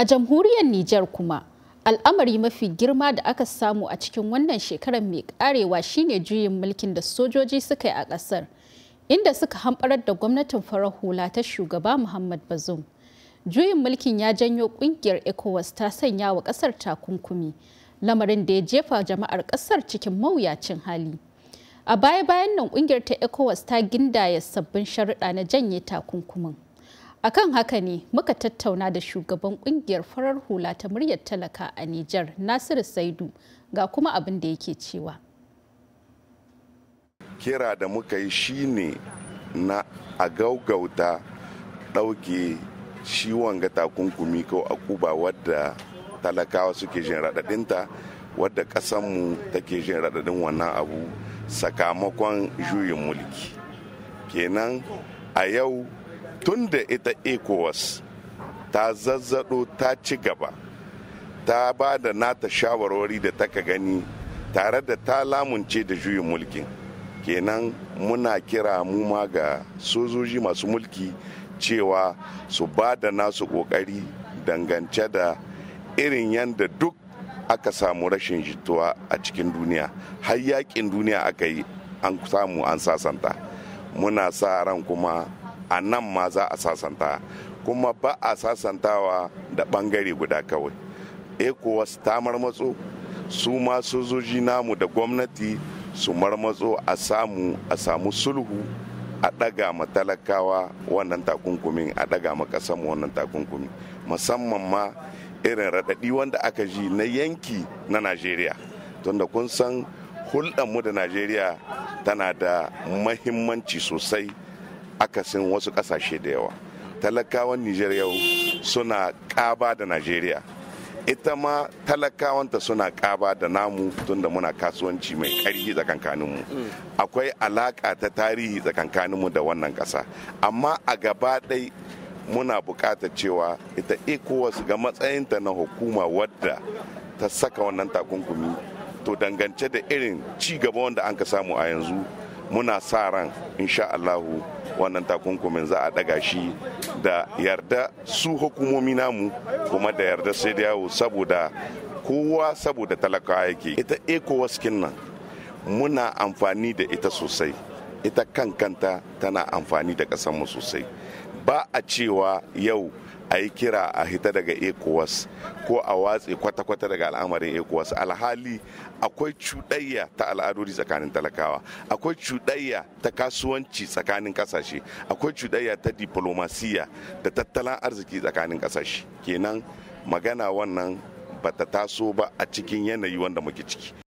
A jamhuriyar Nijar kuma, al'amari mafi girma da aka samu a cikin wannan shekarar mai karewa shine juyin mulkin da sojoji suka yi a ƙasar, inda suka hamɓarar da gwamnatin farar hula ta shugaba Muhammad Bazoum. Juyin mulkin ya janyo ƙungiyar ECOWAS ta sanya wa ƙasar takunkumi, lamarin da ya jefa jama'ar ƙasar cikin mawuyacin hali. A baya-bayan nan ƙungiyar ta ECOWAS ta gindaya sabbin sharuɗa na janye takunkumin. akan haka ne muka tattauna da shugaban kungiyar farar hula ta muryar talaka a Nijar Nasiru Saidu ga kuma abin da yake cewa. Kira da muka yi shi ne na a gaugauta ɗauke ciwon wanga takunkumi ko akuba wadda talakawa suke jin raɗaɗinta wadda ƙasanmu take jin raɗaɗin wannan abu sakamakon juyin mulki kenan a yau tun da ita ecowas ta zazzado ta ci gaba ta ba da nata shawarwari da taka gani tare da ta lamunce da juyin mulkin kenan muna kira mu ma ga sojoji masu mulki cewa su ba da nasu kokari dangance da irin yadda duk aka samu rashin jituwa a cikin duniya har yakin duniya aka yi an samu an sasanta muna sa ran kuma a nan ma za a sasanta kuma ba a sasantawa da bangare guda kawai ecowas ta marmatso su ma sojoji namu da gwamnati su marmatso a samu a samu sulhu a ɗaga ma talakawa wannan takunkumin a ɗaga ma ƙasanmu wannan takunkumin musamman ma irin raɗaɗi wanda aka ji na yanki na najeriya tunda kun san hulɗarmu da najeriya tana da mahimmanci sosai akasin wasu kasashe da yawa talakawan nigeria suna kaba da najeriya ita ma talakawanta suna kaba da namu tunda muna kasuwanci mai ƙarfi tsakankaninmu akwai alaƙa ta tarihi tsakankaninmu da wannan ƙasa amma a gaba ɗai muna buƙatar cewa ita ecowas ga matsayinta na hukuma wadda ta saka wannan takunkumi to dangance da irin ci gaba wanda an ka samu a yanzu muna sa ran insha Allahu wannan takunkumin za a daga shi da yarda su hukumomi namu kuma da yarda sai da yawo saboda kowa saboda talakawa yake ita ecowas nan muna amfani da ita sosai ita kankanta tana amfani da mu sosai ba a cewa yau a yi kira a hita daga ecowas ko a watse kwata-kwata daga al'amarin ecowas alhali akwai cuɗayya ta al'adodi tsakanin talakawa akwai cuɗayya ta kasuwanci tsakanin ƙasashe akwai cuɗayya ta diplomasiya da tattalin arziki tsakanin ƙasashe kenan magana wannan bata taso ba a cikin yanayi wanda muke ciki